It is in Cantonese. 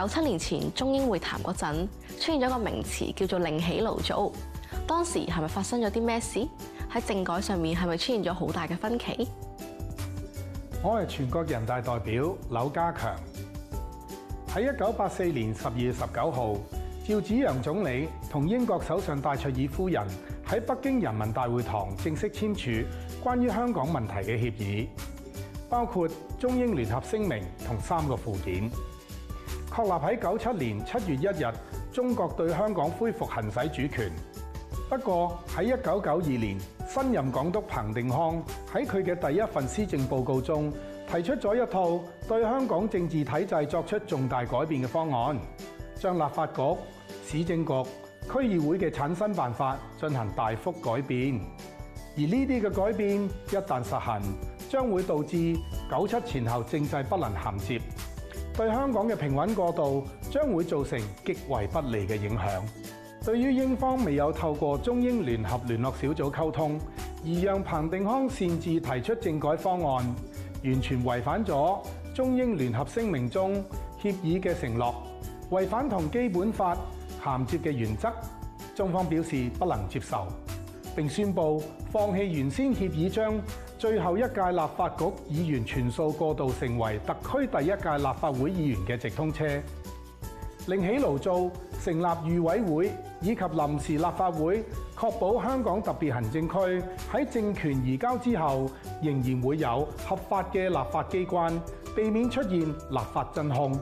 九七年前中英會談嗰陣出現咗個名詞叫做“另起爐灶”，當時係咪發生咗啲咩事？喺政改上面係咪出現咗好大嘅分歧？我係全國人大代表樓家強。喺一九八四年十二月十九號，趙紫陽總理同英國首相戴卓爾夫人喺北京人民大會堂正式簽署關於香港問題嘅協議，包括中英聯合聲明同三個附件。確立喺九七年七月一日，中國對香港恢復行使主權。不過喺一九九二年，新任港督彭定康喺佢嘅第一份施政報告中，提出咗一套對香港政治體制作出重大改變嘅方案，將立法局、市政局、區議會嘅產生辦法進行大幅改變。而呢啲嘅改變一旦實行，將會導致九七前後政制不能銜接。對香港嘅平穩過渡將會造成極為不利嘅影響。對於英方未有透過中英聯合聯絡小組溝通，而讓彭定康擅自提出政改方案，完全違反咗中英聯合聲明中協議嘅承諾，違反同基本法銜接嘅原則，中方表示不能接受，並宣布放棄原先協議將最後一屆立法局議員全數過渡成為特區第一屆立法會議員嘅直通車，另起爐灶成立預委會以及臨時立法會，確保香港特別行政區喺政權移交之後，仍然會有合法嘅立法機關，避免出現立法真空。